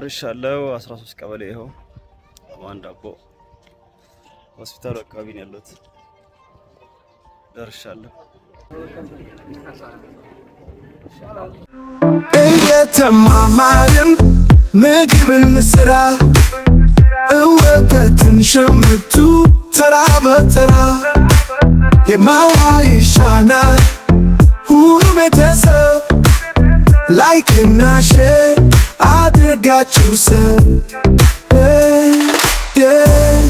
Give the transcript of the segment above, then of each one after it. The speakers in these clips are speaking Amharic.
ርሻለው 13 ቀበሌ ይኸው አማን ዳቦ ሆስፒታሉ አካባቢ ነው ያለሁት። ደርሻለሁ። እየተማማርን ምግብን ስራ እወተትን ሸምቱ ተራ በተራ የማዋ ይሻናል ሁሉ ቤተሰብ ላይክና ሼር I've got you, son. Yeah, yeah,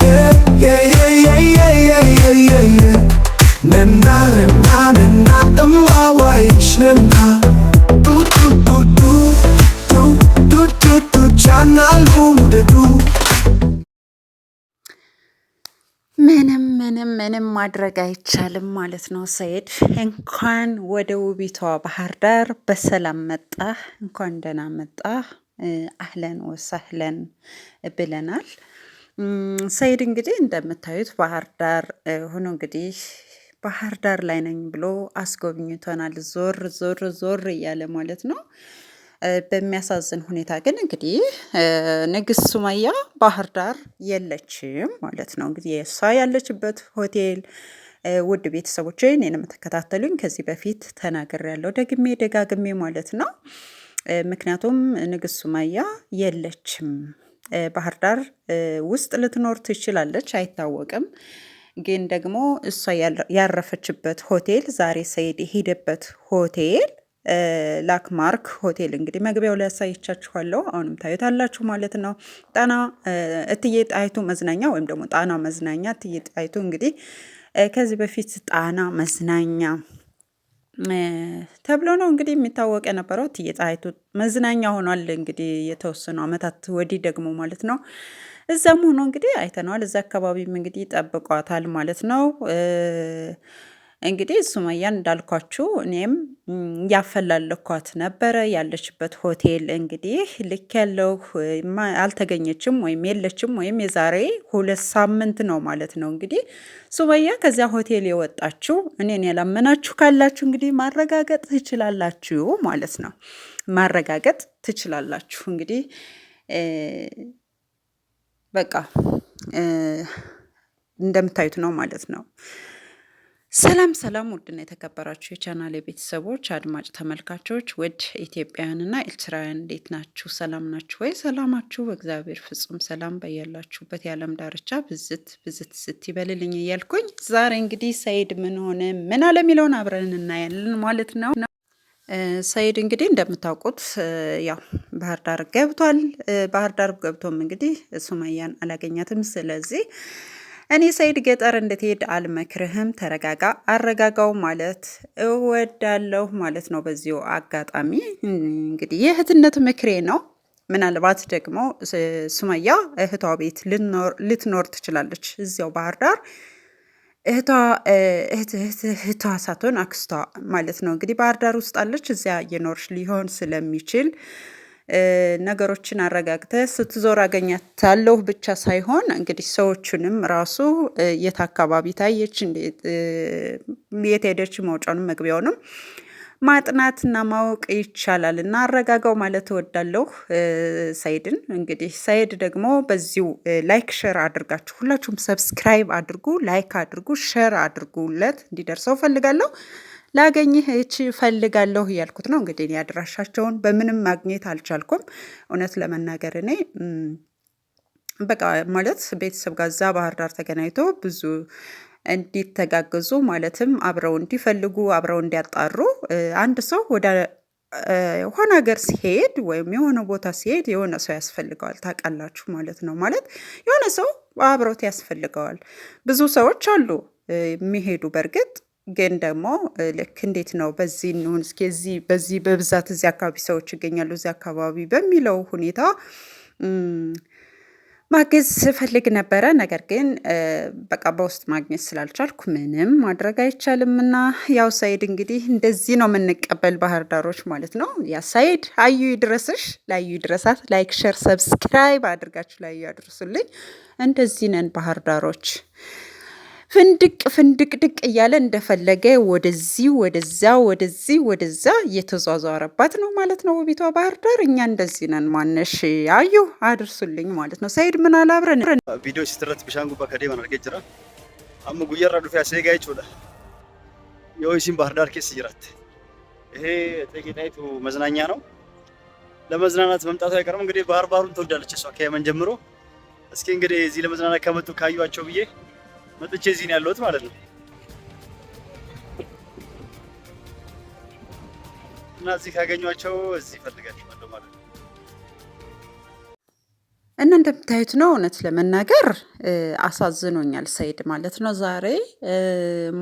yeah, yeah, yeah, yeah, yeah, yeah, yeah, yeah, yeah. ምንም ምንም ማድረግ አይቻልም ማለት ነው። ሰኢድ እንኳን ወደ ውቢቷ ባህር ዳር በሰላም መጣህ፣ እንኳን ደህና መጣህ፣ አህለን ወሰህለን ብለናል። ሰኢድ እንግዲህ እንደምታዩት ባህር ዳር ሆኖ እንግዲህ ባህር ዳር ላይ ነኝ ብሎ አስጎብኝቶናል። ዞር ዞር ዞር እያለ ማለት ነው። በሚያሳዝን ሁኔታ ግን እንግዲህ ንግስት ሱመያ ባህር ዳር የለችም ማለት ነው። እንግዲህ የእሷ ያለችበት ሆቴል ውድ ቤተሰቦች እኔን የምትከታተሉኝ ከዚህ በፊት ያለው ደግሜ ደጋግሜ ማለት ነው። ምክንያቱም ንግስት ሱመያ የለችም ባህር ዳር ውስጥ ልትኖር ትችላለች፣ አይታወቅም። ግን ደግሞ እሷ ያረፈችበት ሆቴል ዛሬ ሰይድ የሄደበት ሆቴል ላክማርክ ሆቴል እንግዲህ መግቢያው ላይ ያሳየቻችኋለሁ። አሁንም ታዩታላችሁ ማለት ነው። ጣና እትዬ ጣይቱ መዝናኛ ወይም ደግሞ ጣና መዝናኛ እትዬ ጣይቱ እንግዲህ ከዚህ በፊት ጣና መዝናኛ ተብሎ ነው እንግዲህ የሚታወቅ የነበረው። እትዬ ጣይቱ መዝናኛ ሆኗል እንግዲህ የተወሰኑ ዓመታት ወዲህ ደግሞ ማለት ነው። እዛም ሆኖ እንግዲህ አይተነዋል። እዛ አካባቢም እንግዲህ ይጠብቋታል ማለት ነው። እንግዲህ ሱመያን እንዳልኳችሁ እኔም ያፈላለኳት ነበረ። ያለችበት ሆቴል እንግዲህ ልክ ያለው አልተገኘችም ወይም የለችም ወይም የዛሬ ሁለት ሳምንት ነው ማለት ነው። እንግዲህ ሱመያ ከዚያ ሆቴል የወጣችሁ እኔን ያላመናችሁ ካላችሁ እንግዲህ ማረጋገጥ ትችላላችሁ ማለት ነው። ማረጋገጥ ትችላላችሁ እንግዲህ በቃ እንደምታዩት ነው ማለት ነው። ሰላም ሰላም ውድና የተከበራችሁ የቻናል ቤተሰቦች አድማጭ ተመልካቾች ውድ ኢትዮጵያውያንና ኤርትራውያን እንዴት ናችሁ? ሰላም ናችሁ ወይ? ሰላማችሁ በእግዚአብሔር ፍጹም ሰላም በያላችሁበት የዓለም ዳርቻ ብዝት ብዝት ስት ይበልልኝ እያልኩኝ ዛሬ እንግዲህ ሰይድ ምን ሆነ ምን አለ የሚለውን አብረን እናያለን ማለት ነው። ሰይድ እንግዲህ እንደምታውቁት ያው ባህር ዳር ገብቷል። ባህር ዳር ገብቶም እንግዲህ ሱመያን አላገኛትም። ስለዚህ እኔ ሰይድ ገጠር እንድትሄድ አልመክርህም፣ ተረጋጋ፣ አረጋጋው ማለት እወዳለሁ ማለት ነው። በዚሁ አጋጣሚ እንግዲህ የእህትነት ምክሬ ነው። ምናልባት ደግሞ ሱመያ እህቷ ቤት ልትኖር ትችላለች፣ እዚያው ባህር ዳር እህቷ እህቷ ሳትሆን አክስቷ ማለት ነው። እንግዲህ ባህር ዳር ውስጥ አለች፣ እዚያ እየኖርሽ ሊሆን ስለሚችል ነገሮችን አረጋግተ ስትዞር አገኛታለሁ ብቻ ሳይሆን እንግዲህ ሰዎቹንም ራሱ የት አካባቢ ታየች፣ የት ሄደች፣ መውጫውንም መግቢያውንም ማጥናትና ማወቅ ይቻላል እና አረጋጋው ማለት እወዳለሁ ሳይድን እንግዲህ ሰኢድ ደግሞ በዚሁ ላይክ ሸር አድርጋችሁ ሁላችሁም ሰብስክራይብ አድርጉ፣ ላይክ አድርጉ፣ ሸር አድርጉለት እንዲደርሰው ፈልጋለሁ። ላገኝህ እች ፈልጋለሁ እያልኩት ነው። እንግዲህ እኔ አድራሻቸውን በምንም ማግኘት አልቻልኩም። እውነት ለመናገር እኔ በቃ ማለት ቤተሰብ ጋር እዛ ባህር ዳር ተገናኝቶ ብዙ እንዲተጋገዙ ማለትም አብረው እንዲፈልጉ አብረው እንዲያጣሩ አንድ ሰው ወደ የሆነ ሀገር ሲሄድ ወይም የሆነ ቦታ ሲሄድ የሆነ ሰው ያስፈልገዋል። ታውቃላችሁ ማለት ነው። ማለት የሆነ ሰው አብሮት ያስፈልገዋል። ብዙ ሰዎች አሉ የሚሄዱ በእርግጥ ግን ደግሞ ልክ እንዴት ነው በዚህ እንሁን እስኪ እዚህ በዚህ በብዛት እዚህ አካባቢ ሰዎች ይገኛሉ እዚህ አካባቢ በሚለው ሁኔታ ማገዝ ስፈልግ ነበረ። ነገር ግን በቃ በውስጥ ማግኘት ስላልቻልኩ ምንም ማድረግ አይቻልም እና ያው ሳይድ እንግዲህ እንደዚህ ነው የምንቀበል ባህር ዳሮች ማለት ነው። ያ ሳይድ አዩ ይድረስሽ፣ ላዩ ይድረሳት። ላይክ፣ ሸር፣ ሰብስክራይብ አድርጋችሁ ላዩ ያድርሱልኝ። እንደዚህ ነን ባህር ዳሮች። ፍንድቅ ፍንድቅ ድቅ እያለ እንደፈለገ ወደዚህ ወደዛ ወደዚህ ወደዛ እየተዟዟረባት ነው ማለት ነው። ውቢቷ ባህር ዳር እኛ እንደዚህ ነን። ማነሽ አዩ አድርሱልኝ ማለት ነው። ሰይድ ምን አለ አብረን ቪዲዮ ሲትረት ብሻን ጉባ ከዴ ጅራ አሙ ጉየራ ዱፊያ ሴጋ ይችላ የወይሲን ባህር ዳር ኬስ ይራት ይሄ ጥቂጣይቱ መዝናኛ ነው። ለመዝናናት መምጣቱ አይቀርም እንግዲህ። ባህር ባህሩን ትወዳለች እሷ ከየመን ጀምሮ። እስኪ እንግዲህ እዚህ ለመዝናናት ከመጡ ካዩቸው ብዬ መጥቼ እዚህ ነው ያለሁት ማለት ነው። እና እዚህ ካገኟቸው እዚህ እፈልጋቸዋለሁ ማለት ነው። እና እንደምታዩት ነው። እውነት ለመናገር አሳዝኖኛል ሰይድ ማለት ነው። ዛሬ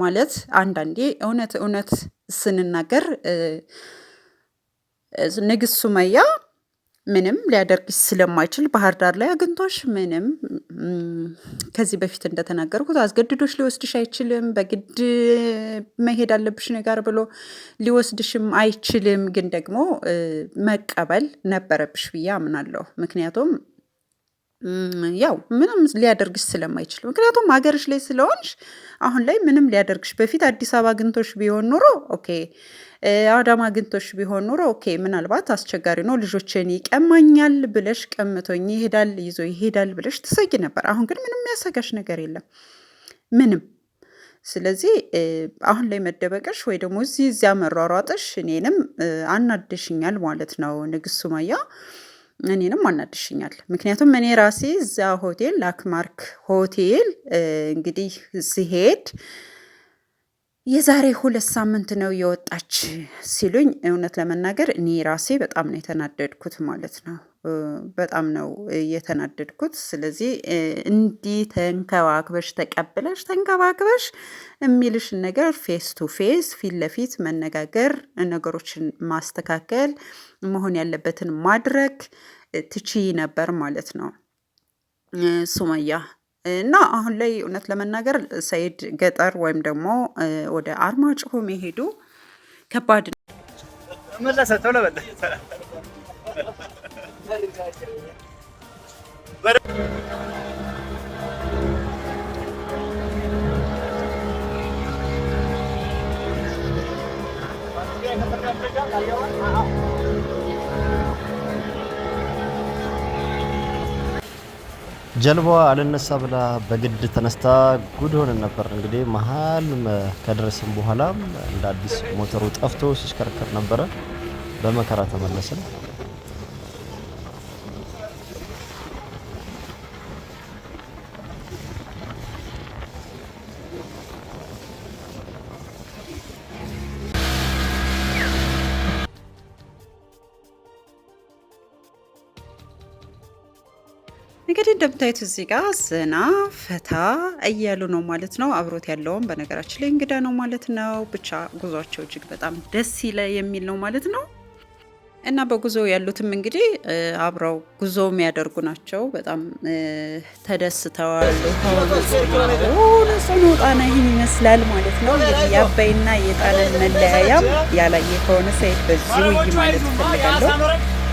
ማለት አንዳንዴ እውነት እውነት ስንናገር ንግስት ሱመያ ምንም ሊያደርግ ስለማይችል ባህር ዳር ላይ አግኝቶሽ ምንም ከዚህ በፊት እንደተናገርኩት አስገድዶሽ ሊወስድሽ አይችልም። በግድ መሄድ አለብሽ ነገር ብሎ ሊወስድሽም አይችልም። ግን ደግሞ መቀበል ነበረብሽ ብዬ አምናለሁ። ምክንያቱም ያው ምንም ሊያደርግሽ ስለማይችል ምክንያቱም ሀገርሽ ላይ ስለሆንሽ አሁን ላይ ምንም ሊያደርግሽ በፊት አዲስ አበባ አግኝቶሽ ቢሆን ኑሮ ኦኬ አዳማ ግንቶሽ ቢሆን ኑሮ ኦኬ፣ ምናልባት አስቸጋሪ ነው፣ ልጆችን ይቀማኛል ብለሽ ቀምቶኝ ይሄዳል ይዞ ይሄዳል ብለሽ ትሰጊ ነበር። አሁን ግን ምንም ያሰጋሽ ነገር የለም ምንም። ስለዚህ አሁን ላይ መደበቅሽ ወይ ደግሞ እዚህ እዚያ መሯሯጥሽ እኔንም አናድሽኛል ማለት ነው ንግስት ሱመያ እኔንም አናድሽኛል። ምክንያቱም እኔ ራሴ እዚያ ሆቴል ላክማርክ ሆቴል እንግዲህ ሲሄድ የዛሬ ሁለት ሳምንት ነው የወጣች ሲሉኝ እውነት ለመናገር እኔ ራሴ በጣም ነው የተናደድኩት ማለት ነው። በጣም ነው የተናደድኩት። ስለዚህ እንዲህ ተንከባክበሽ ተቀብለሽ ተንከባክበሽ የሚልሽን ነገር ፌስ ቱ ፌስ ፊት ለፊት መነጋገር፣ ነገሮችን ማስተካከል፣ መሆን ያለበትን ማድረግ ትችይ ነበር ማለት ነው ሱመያ እና አሁን ላይ እውነት ለመናገር ሰይድ ገጠር ወይም ደግሞ ወደ አርማጭሆ መሄዱ ከባድ ነው። ጀልባዋ አልነሳ ብላ በግድ ተነስታ ጉድ ሆነን ነበር። እንግዲህ መሀል ከደረስን በኋላም እንደ አዲስ ሞተሩ ጠፍቶ ሲሽከረከር ነበረ። በመከራ ተመለስን። እንደምታዩት እዚህ ጋር ዘና ፈታ እያሉ ነው ማለት ነው። አብሮት ያለውም በነገራችን ላይ እንግዳ ነው ማለት ነው። ብቻ ጉዟቸው እጅግ በጣም ደስ ይለ የሚል ነው ማለት ነው። እና በጉዞ ያሉትም እንግዲህ አብረው ጉዞ የሚያደርጉ ናቸው። በጣም ተደስተዋል። ሰኑ ጣና ይህን ይመስላል ማለት ነው። እንግዲህ የአባይና የጣናን መለያያም ያላየ ከሆነ ሳይት በዚሁ ማለት እፈልጋለሁ።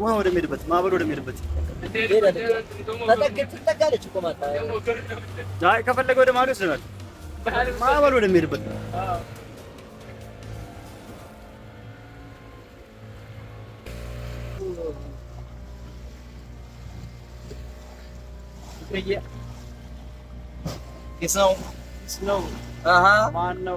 ውሃ ወደሚሄድበት ማዕበል ወደሚሄድበት ትጠጋለች እኮ ማታ። አይ ከፈለገ ወደ ማዶ ይወስደናል። ማዕበል ወደሚሄድበት ነው። ማን ነው?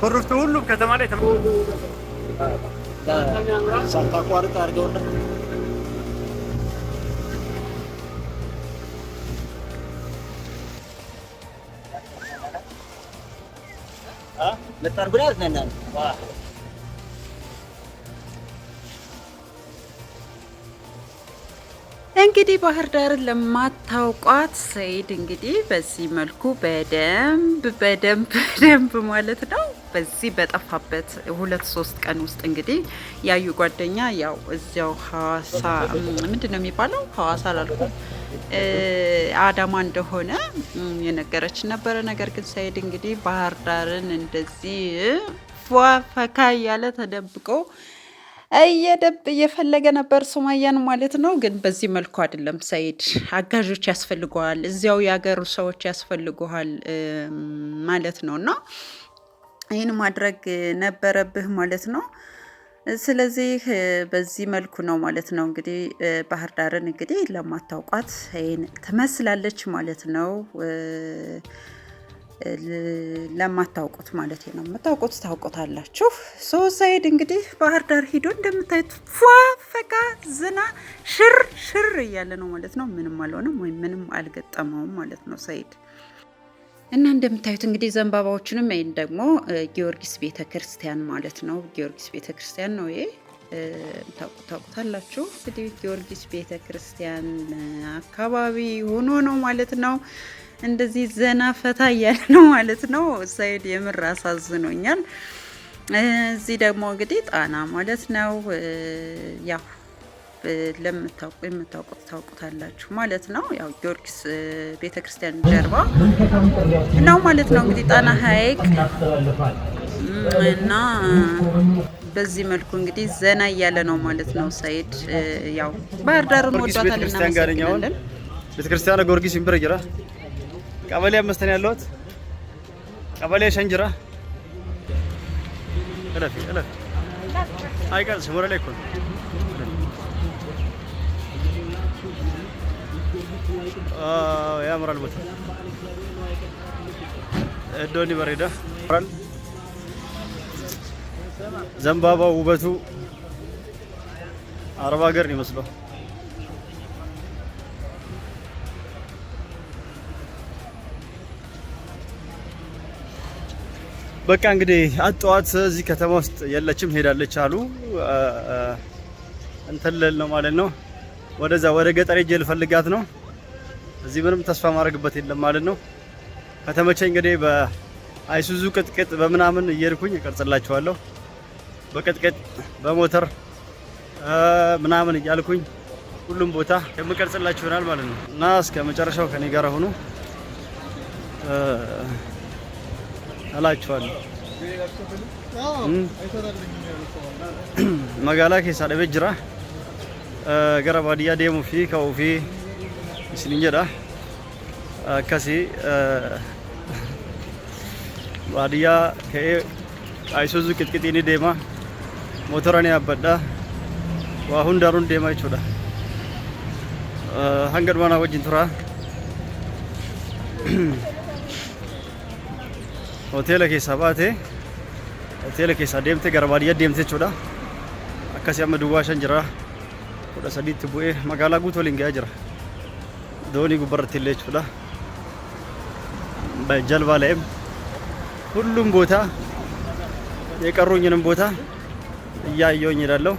ኮረብቱ ሁሉም ከተማ ላይ ሳታቋርጥ አድርገውና ልታርጉ ነው ያዝነናል እንግዲህ ባህር ዳር ለማታውቋት ሰይድ እንግዲህ በዚህ መልኩ በደንብ በደንብ በደንብ ማለት ነው። በዚህ በጠፋበት ሁለት ሶስት ቀን ውስጥ እንግዲህ ያዩ ጓደኛ ያው እዚያው ሀዋሳ ምንድን ነው የሚባለው ሀዋሳ ላልኩ አዳማ እንደሆነ የነገረች ነበረ። ነገር ግን ሰይድ እንግዲህ ባህር ዳርን እንደዚህ ፏፈካ እያለ ተደብቀው እየደብ እየፈለገ ነበር ሱመያን ማለት ነው። ግን በዚህ መልኩ አይደለም ሰይድ፣ አጋዦች ያስፈልገዋል፣ እዚያው የሀገሩ ሰዎች ያስፈልገዋል ማለት ነው። እና ይህን ማድረግ ነበረብህ ማለት ነው። ስለዚህ በዚህ መልኩ ነው ማለት ነው። እንግዲህ ባህር ዳርን እንግዲህ ለማታውቋት ይህን ትመስላለች ማለት ነው። ለማታውቁት ማለት ነው። የምታውቁት ታውቁታላችሁ። ሶ ሰይድ እንግዲህ ባህር ዳር ሂዶ እንደምታዩት ፏፈካ ዝና ሽር ሽር እያለ ነው ማለት ነው። ምንም አልሆነም ወይም ምንም አልገጠመውም ማለት ነው ሰይድ እና እንደምታዩት እንግዲህ ዘንባባዎችንም ይህን ደግሞ ጊዮርጊስ ቤተ ክርስቲያን ማለት ነው። ጊዮርጊስ ቤተ ክርስቲያን ነው ይሄ ታውቁታላችሁ። እንግዲህ ጊዮርጊስ ቤተ ክርስቲያን አካባቢ ሆኖ ነው ማለት ነው። እንደዚህ ዘና ፈታ እያለ ነው ማለት ነው። ሰኢድ የምር አሳዝኖኛል። እዚህ ደግሞ እንግዲህ ጣና ማለት ነው ያው ለምታውቁ የምታውቁት ታውቁታላችሁ ማለት ነው። ያው ጊዮርጊስ ቤተክርስቲያን ጀርባ ነው ማለት ነው እንግዲህ ጣና ሐይቅ እና በዚህ መልኩ እንግዲህ ዘና እያለ ነው ማለት ነው ሰኢድ። ያው ባህር ዳርም ወዷታል እናመሰግናለን። ቤተክርስቲያን ጊዮርጊስ ይንብረ ጅራ ቀበሌ አምስት ነው ያለሁት። ቀበሌ ሸንጅራ እለፊ እለፊ አይቀልሽም። ወደ ላይ እኮ ነው። ያምራል ቦታ እዶኒ በሬዳ ዘንባባ ውበቱ አረብ ሀገር ነው ይመስለው። በቃ እንግዲህ አጠዋት እዚህ ከተማ ውስጥ የለችም ሄዳለች አሉ። እንትን ነው ማለት ነው። ወደዛ ወደ ገጠር ሄጄ ልፈልጋት ነው። እዚህ ምንም ተስፋ ማድረግበት የለም ማለት ነው። ከተመቸኝ እንግዲህ በአይሱዙ ቅጥቅጥ በምናምን እየሄድኩኝ እቀርጽላችኋለሁ። በቅጥቅጥ በሞተር ምናምን እያልኩኝ ሁሉም ቦታ የምቀርጽላችሁ ይሆናል ማለት ነው እና እስከ መጨረሻው ከኔ ጋር ሆኑ። እላችኋለሁ። መጋላ ኬሳ ደቤ ጅራ ገረ ባዲያ ደሙ ፊ ከው ፊ isinin jedha akkasii baadiyyaa ka'ee ayisuuzu qixqixii ni deema motora ni yaabbadha waa hundaanuu ni deema jechuudha hanga dhumaa naa wajjin turaa hoteela keessaa baatee hoteela keessaa deemtee gara baadiyyaa deemte jechuudha. Akkasii amma duwwaa shan jira. kudha sadiitti bu'ee magaalaa guutuu waliin gahaa jira. Doonii gubbarratti illee jechuudha. ጀልባ ላይም ሁሉም ቦታ የቀሩኝንም ቦታ እያየሁኝ እሄዳለሁ።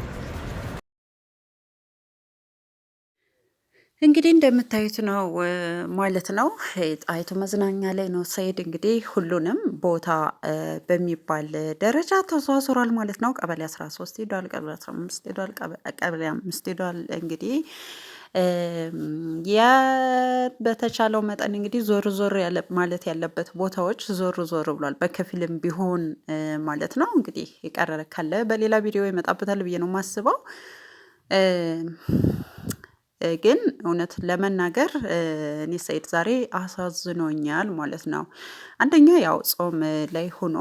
እንግዲህ እንደምታዩት ነው ማለት ነው። ጣይቱ መዝናኛ ላይ ነው ሰኢድ እንግዲህ ሁሉንም ቦታ በሚባል ደረጃ ተዟዙሯል ማለት ነው። ቀበሌ 13 ሄዷል፣ ቀበሌ 15 ሄዷል፣ ቀበሌ 5 ሄዷል። እንግዲህ በተቻለው መጠን እንግዲህ ዞር ዞር ማለት ያለበት ቦታዎች ዞር ዞር ብሏል፣ በከፊልም ቢሆን ማለት ነው። እንግዲህ የቀረረ ካለ በሌላ ቪዲዮ ይመጣበታል ብዬ ነው የማስበው። ግን እውነት ለመናገር እኔ ሰኢድ ዛሬ አሳዝኖኛል ማለት ነው። አንደኛ ያው ጾም ላይ ሆኖ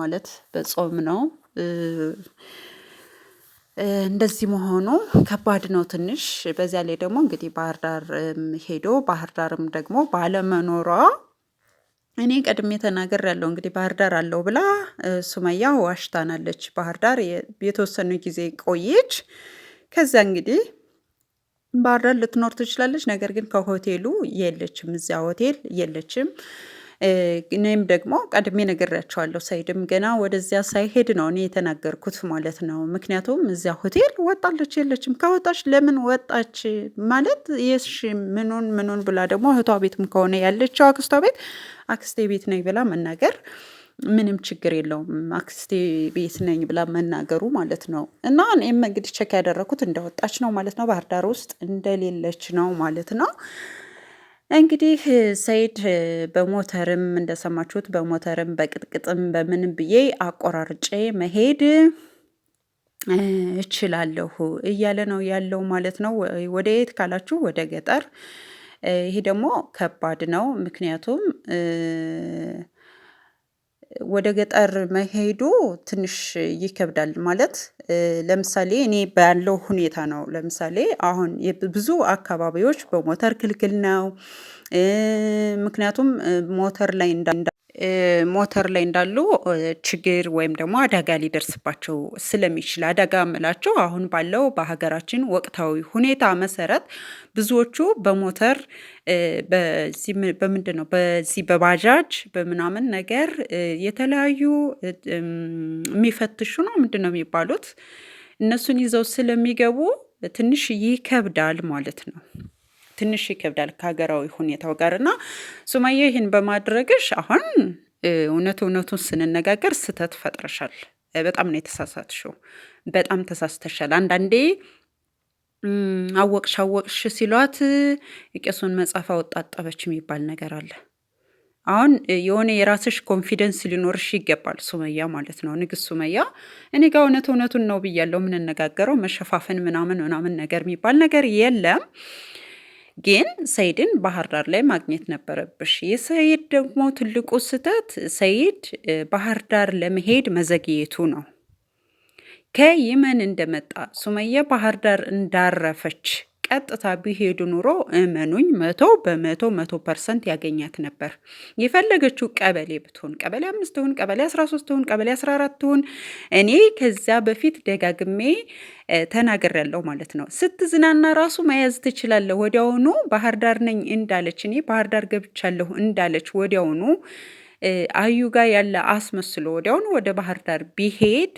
ማለት በጾም ነው እንደዚህ መሆኑ ከባድ ነው ትንሽ። በዚያ ላይ ደግሞ እንግዲህ ባህር ዳር ሄዶ ባህር ዳርም ደግሞ ባለመኖሯ እኔ ቀድሜ ተናገር ያለው እንግዲህ ባህር ዳር አለው ብላ ሱመያ ዋሽታናለች። ባህር ዳር የተወሰኑ ጊዜ ቆየች። ከዚያ እንግዲህ ባህር ዳር ልትኖር ትችላለች። ነገር ግን ከሆቴሉ የለችም፣ እዚያ ሆቴል የለችም። እኔም ደግሞ ቀድሜ ነግሬያቸዋለሁ። ሰኢድም ገና ወደዚያ ሳይሄድ ነው እኔ የተናገርኩት ማለት ነው። ምክንያቱም እዚያ ሆቴል ወጣለች የለችም። ከወጣች ለምን ወጣች ማለት የሽ ምኑን ምኑን ብላ ደግሞ እህቷ ቤትም ከሆነ ያለችው አክስቷ ቤት አክስቴ ቤት ነኝ ብላ መናገር ምንም ችግር የለውም አክስቴ ቤት ነኝ ብላ መናገሩ ማለት ነው። እና እኔም እንግዲህ ቸክ ያደረኩት እንደወጣች ነው ማለት ነው። ባህር ዳር ውስጥ እንደሌለች ነው ማለት ነው። እንግዲህ ሰይድ በሞተርም እንደሰማችሁት በሞተርም በቅጥቅጥም በምንም ብዬ አቆራርጬ መሄድ እችላለሁ እያለ ነው ያለው ማለት ነው። ወደ የት ካላችሁ ወደ ገጠር። ይሄ ደግሞ ከባድ ነው ምክንያቱም ወደ ገጠር መሄዱ ትንሽ ይከብዳል። ማለት ለምሳሌ እኔ ባለው ሁኔታ ነው። ለምሳሌ አሁን ብዙ አካባቢዎች በሞተር ክልክል ነው። ምክንያቱም ሞተር ላይ ሞተር ላይ እንዳሉ ችግር ወይም ደግሞ አደጋ ሊደርስባቸው ስለሚችል አደጋ ምላቸው አሁን ባለው በሀገራችን ወቅታዊ ሁኔታ መሰረት ብዙዎቹ በሞተር በምንድን ነው በዚህ በባጃጅ በምናምን ነገር የተለያዩ የሚፈትሹ ነው ምንድን ነው የሚባሉት እነሱን ይዘው ስለሚገቡ ትንሽ ይከብዳል ማለት ነው። ትንሽ ይከብዳል ከሀገራዊ ሁኔታው ጋር እና ሱማዬ ይህን በማድረግሽ አሁን እውነት እውነቱን ስንነጋገር ስህተት ፈጥረሻል። በጣም ነው የተሳሳትሽው። በጣም ተሳስተሻል። አንዳንዴ አወቅሽ አወቅሽ ሲሏት የቄሱን መጽሐፍ አወጣጠበች የሚባል ነገር አለ። አሁን የሆነ የራስሽ ኮንፊደንስ ሊኖርሽ ይገባል ሱመያ ማለት ነው። ንግስት ሱመያ እኔ ጋር እውነት እውነቱን ነው ብያለው። የምንነጋገረው መሸፋፈን ምናምን ምናምን ነገር የሚባል ነገር የለም። ግን ሰይድን ባህር ዳር ላይ ማግኘት ነበረብሽ። የሰይድ ደግሞ ትልቁ ስህተት ሰይድ ባህር ዳር ለመሄድ መዘግየቱ ነው። ከየመን እንደመጣ ሱመያ ባህር ዳር እንዳረፈች ቀጥታ ቢሄዱ ኑሮ እመኑኝ መቶ በመቶ መቶ ፐርሰንት ያገኛት ነበር። የፈለገችው ቀበሌ ብትሆን ቀበሌ አምስት ትሁን፣ ቀበሌ አስራ ሶስት ትሁን፣ ቀበሌ አስራ አራት ትሁን እኔ ከዚያ በፊት ደጋግሜ ተናግሬያለሁ ማለት ነው። ስትዝናና ራሱ መያዝ ትችላለህ። ወዲያውኑ ባህር ዳር ነኝ እንዳለች እኔ ባህር ዳር ገብቻለሁ እንዳለች ወዲያውኑ አዩ ጋር ያለ አስመስሎ ወዲያውኑ ወደ ባህር ዳር ቢሄድ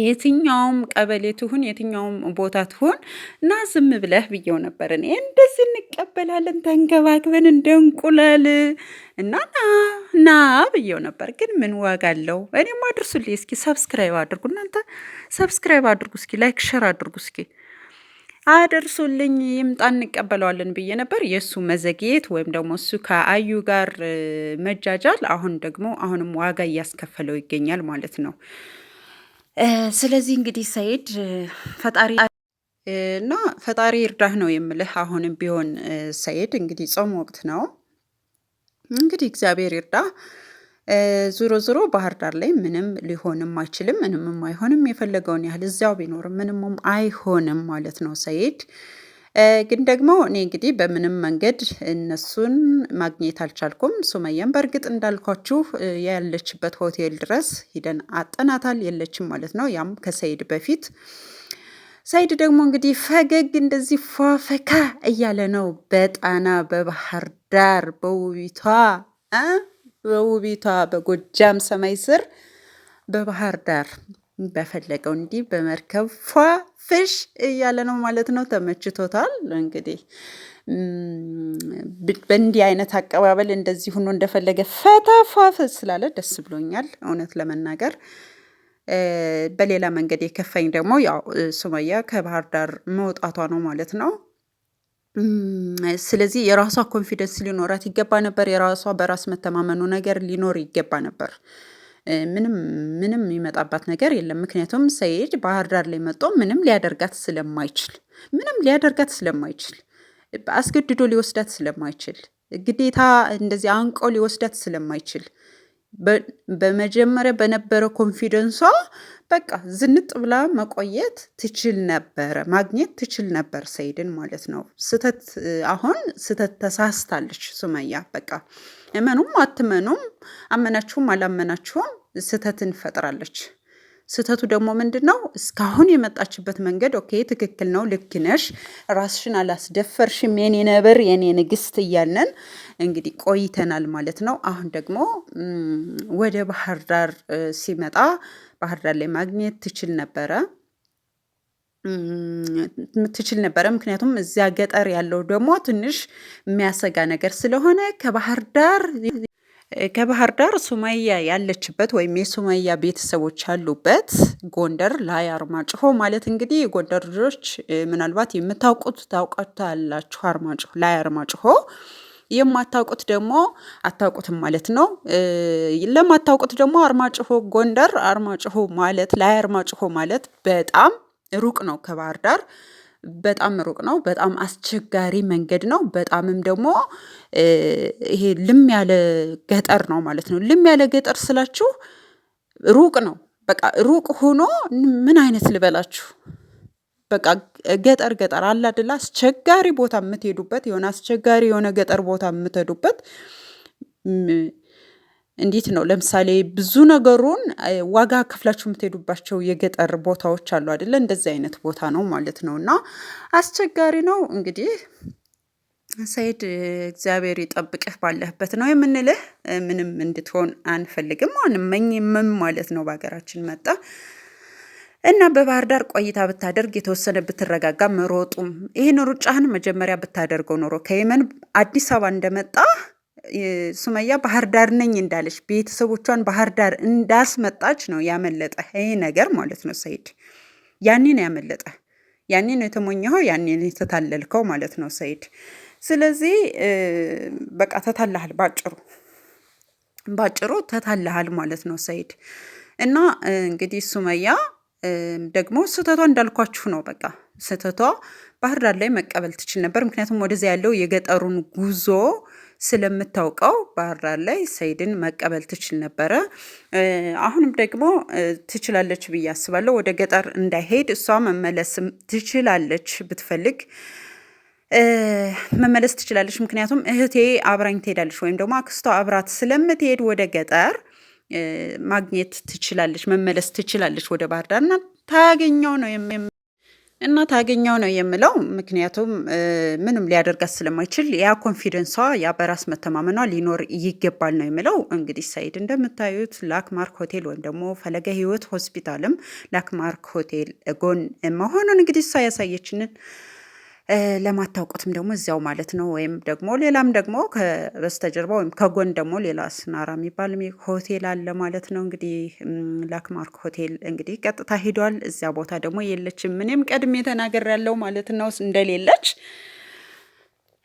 የትኛውም ቀበሌ ትሁን የትኛውም ቦታ ትሁን እና ዝም ብለህ ብየው ነበር። እኔ እንደዚህ እንቀበላለን ተንከባክበን እንደ እንቁላል እና ና ና ብየው ነበር። ግን ምን ዋጋ አለው? እኔም አድርሱልኝ እስኪ ሰብስክራይብ አድርጉ እናንተ ሰብስክራይብ አድርጉ እስኪ ላይክ ሸር አድርጉ እስኪ አደርሱልኝ ይምጣ እንቀበለዋለን ብዬ ነበር። የእሱ መዘግየት ወይም ደግሞ እሱ ከአዩ ጋር መጃጃል አሁን ደግሞ አሁንም ዋጋ እያስከፈለው ይገኛል ማለት ነው። ስለዚህ እንግዲህ ሰይድ ፈጣሪ እና ፈጣሪ እርዳህ ነው የምልህ። አሁንም ቢሆን ሰይድ እንግዲህ ጾም ወቅት ነው እንግዲህ እግዚአብሔር ይርዳ። ዞሮ ዞሮ ባህር ዳር ላይ ምንም ሊሆንም አይችልም፣ ምንም አይሆንም። የፈለገውን ያህል እዚያው ቢኖርም ምንም አይሆንም ማለት ነው ሰይድ። ግን ደግሞ እኔ እንግዲህ በምንም መንገድ እነሱን ማግኘት አልቻልኩም። ሱመያም በእርግጥ እንዳልኳችሁ ያለችበት ሆቴል ድረስ ሂደን አጠናታል። የለችም ማለት ነው። ያም ከሰይድ በፊት ሰይድ ደግሞ እንግዲህ ፈገግ እንደዚህ ፏፈካ እያለ ነው በጣና በባህር ዳር በውቢቷ በውቢቷ በጎጃም ሰማይ ስር በባህር ዳር በፈለገው እንዲህ በመርከብ ፏ ፍሽ እያለ ነው ማለት ነው። ተመችቶታል እንግዲህ በእንዲህ አይነት አቀባበል እንደዚህ ሁኖ እንደፈለገ ፈታ ፏፍ ስላለ ደስ ብሎኛል እውነት ለመናገር በሌላ መንገድ የከፋኝ ደግሞ ያው ሱመያ ከባህር ዳር መውጣቷ ነው ማለት ነው። ስለዚህ የራሷ ኮንፊደንስ ሊኖራት ይገባ ነበር። የራሷ በራስ መተማመኑ ነገር ሊኖር ይገባ ነበር። ምንም ምንም የሚመጣባት ነገር የለም። ምክንያቱም ሰይድ ባህር ዳር ላይ መጦ ምንም ሊያደርጋት ስለማይችል ምንም ሊያደርጋት ስለማይችል አስገድዶ ሊወስዳት ስለማይችል ግዴታ እንደዚህ አንቆ ሊወስዳት ስለማይችል በመጀመሪያ በነበረ ኮንፊደንሷ በቃ ዝንጥ ብላ መቆየት ትችል ነበረ፣ ማግኘት ትችል ነበር ሰይድን ማለት ነው። ስህተት አሁን ስህተት ተሳስታለች ሱመያ በቃ እመኑም አትመኑም አመናችሁም አላመናችሁም ስህተት እንፈጥራለች። ስህተቱ ደግሞ ምንድን ነው? እስካሁን የመጣችበት መንገድ ኦኬ፣ ትክክል ነው፣ ልክ ነሽ፣ ራስሽን አላስደፈርሽም፣ የኔ ነብር፣ የኔ ንግስት እያለን እንግዲህ ቆይተናል ማለት ነው። አሁን ደግሞ ወደ ባህር ዳር ሲመጣ ባህር ዳር ላይ ማግኘት ትችል ነበረ። ትችል ነበረ። ምክንያቱም እዚያ ገጠር ያለው ደግሞ ትንሽ የሚያሰጋ ነገር ስለሆነ ከባህር ዳር ከባህር ዳር ሱማያ ያለችበት ወይም የሱማያ ቤተሰቦች ያሉበት ጎንደር ላይ አርማጭሆ ማለት እንግዲህ የጎንደር ልጆች ምናልባት የምታውቁት ታውቃታላችሁ። አርማጭሆ ላይ አርማጭሆ የማታውቁት ደግሞ አታውቁትም ማለት ነው። ለማታውቁት ደግሞ አርማጭሆ ጎንደር አርማጭሆ ማለት ላይ አርማጭሆ ማለት በጣም ሩቅ ነው ከባህር ዳር በጣም ሩቅ ነው። በጣም አስቸጋሪ መንገድ ነው። በጣምም ደግሞ ይሄ ልም ያለ ገጠር ነው ማለት ነው። ልም ያለ ገጠር ስላችሁ ሩቅ ነው። በቃ ሩቅ ሆኖ ምን አይነት ልበላችሁ፣ በቃ ገጠር ገጠር አለ አስቸጋሪ ቦታ የምትሄዱበት የሆነ አስቸጋሪ የሆነ ገጠር ቦታ የምትሄዱበት እንዴት ነው ለምሳሌ ብዙ ነገሩን ዋጋ ከፍላችሁ የምትሄዱባቸው የገጠር ቦታዎች አሉ አይደለ? እንደዚህ አይነት ቦታ ነው ማለት ነው። እና አስቸጋሪ ነው እንግዲህ ሰይድ እግዚአብሔር ይጠብቅህ ባለህበት ነው የምንልህ። ምንም እንድትሆን አንፈልግም አንመኝምም ማለት ነው። በሀገራችን መጣ እና በባህር ዳር ቆይታ ብታደርግ የተወሰነ ብትረጋጋ፣ መሮጡም ይህን ሩጫህን መጀመሪያ ብታደርገው ኖሮ ከየመን አዲስ አበባ እንደመጣ ሱመያ ባህር ዳር ነኝ እንዳለች ቤተሰቦቿን ባህር ዳር እንዳስመጣች ነው ያመለጠ ይሄ ነገር ማለት ነው። ሰይድ ያኔ ነው ያመለጠ፣ ያኔ ነው የተሞኘኸው፣ ያኔ ነው የተታለልከው ማለት ነው ሰይድ። ስለዚህ በቃ ተታልሃል፣ ባጭሩ ባጭሩ ተታልሃል ማለት ነው ሰይድ። እና እንግዲህ ሱመያ ደግሞ ስህተቷ እንዳልኳችሁ ነው። በቃ ስህተቷ ባህር ዳር ላይ መቀበል ትችል ነበር፣ ምክንያቱም ወደዚያ ያለው የገጠሩን ጉዞ ስለምታውቀው ባህር ዳር ላይ ሰይድን መቀበል ትችል ነበረ። አሁንም ደግሞ ትችላለች ብዬ አስባለሁ። ወደ ገጠር እንዳይሄድ እሷ መመለስም ትችላለች ብትፈልግ መመለስ ትችላለች። ምክንያቱም እህቴ አብራኝ ትሄዳለች ወይም ደግሞ አክስቷ አብራት ስለምትሄድ ወደ ገጠር ማግኘት ትችላለች፣ መመለስ ትችላለች ወደ ባህር ዳር እና ታገኘው ነው። እና ታገኘው ነው የምለው። ምክንያቱም ምንም ሊያደርጋት ስለማይችል ያ ኮንፊደንሷ ያ በራስ መተማመኗ ሊኖር ይገባል ነው የምለው። እንግዲህ ሰኢድ እንደምታዩት ላክማርክ ሆቴል ወይም ደግሞ ፈለገ ህይወት ሆስፒታልም ላክማርክ ሆቴል ጎን መሆኑን እንግዲህ እሷ ያሳየችንን ለማታውቁትም ደግሞ እዚያው ማለት ነው። ወይም ደግሞ ሌላም ደግሞ በስተጀርባ ወይም ከጎን ደግሞ ሌላ ስናራ የሚባል ሆቴል አለ ማለት ነው። እንግዲህ ላክማርክ ሆቴል እንግዲህ ቀጥታ ሂዷል። እዚያ ቦታ ደግሞ የለችም። እኔም ቀድሜ ተናገር ያለው ማለት ነው እንደሌለች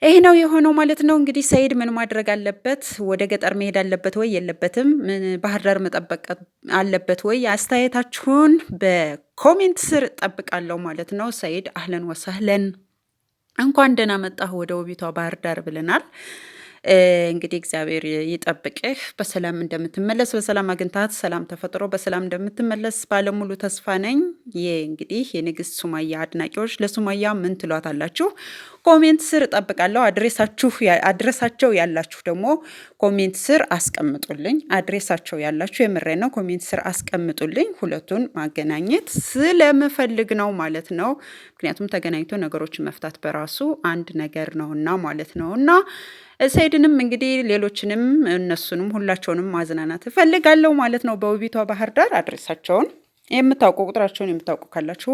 ይሄ ነው የሆነው ማለት ነው። እንግዲህ ሰይድ ምን ማድረግ አለበት? ወደ ገጠር መሄድ አለበት ወይ የለበትም? ባህር ዳር መጠበቅ አለበት ወይ? አስተያየታችሁን በኮሜንት ስር እጠብቃለሁ ማለት ነው። ሰይድ አህለን ወሰህለን እንኳን ደህና መጣህ ወደ ውቢቷ ባህር ዳር ብለናል። እንግዲህ እግዚአብሔር ይጠብቅህ። በሰላም እንደምትመለስ በሰላም አግኝታት ሰላም ተፈጥሮ በሰላም እንደምትመለስ ባለሙሉ ተስፋ ነኝ። ይህ እንግዲህ የንግስት ሱማያ አድናቂዎች ለሱማያ ምን ትሏት አላችሁ? ኮሜንት ስር እጠብቃለሁ። አድሬሳችሁ አድሬሳቸው ያላችሁ ደግሞ ኮሜንት ስር አስቀምጡልኝ። አድሬሳቸው ያላችሁ የምሬ ነው፣ ኮሜንት ስር አስቀምጡልኝ። ሁለቱን ማገናኘት ስለምፈልግ ነው ማለት ነው። ምክንያቱም ተገናኝቶ ነገሮችን መፍታት በራሱ አንድ ነገር ነውና ማለት ነውና ሰይድንም እንግዲህ ሌሎችንም እነሱንም ሁላቸውንም ማዝናናት እፈልጋለሁ ማለት ነው። በውቢቷ ባህር ዳር አድሬሳቸውን የምታውቁ ቁጥራቸውን የምታውቁ ካላችሁ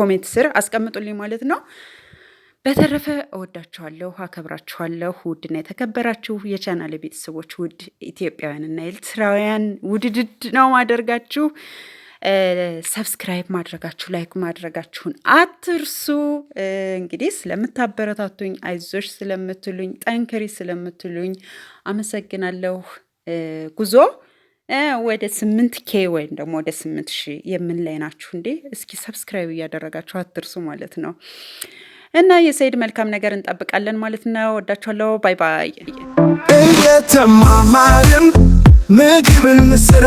ኮሜንት ስር አስቀምጡልኝ ማለት ነው። በተረፈ እወዳችኋለሁ፣ አከብራችኋለሁ። ውድና የተከበራችሁ የቻናል ቤተሰቦች ውድ ኢትዮጵያውያንና ኤርትራውያን ውድድድ ነው ማደርጋችሁ ሰብስክራይብ ማድረጋችሁ ላይክ ማድረጋችሁን አትርሱ። እንግዲህ ስለምታበረታቱኝ፣ አይዞሽ ስለምትሉኝ፣ ጠንክሪ ስለምትሉኝ አመሰግናለሁ። ጉዞ ወደ ስምንት ኬ ወይም ደግሞ ወደ ስምንት ሺ የምን ላይ ናችሁ እንዴ? እስኪ ሰብስክራይብ እያደረጋችሁ አትርሱ ማለት ነው እና የሰይድ መልካም ነገር እንጠብቃለን ማለት ነው። ወዳችኋለሁ። ባይ ባይ። እየተማማርን ምግብን ስራ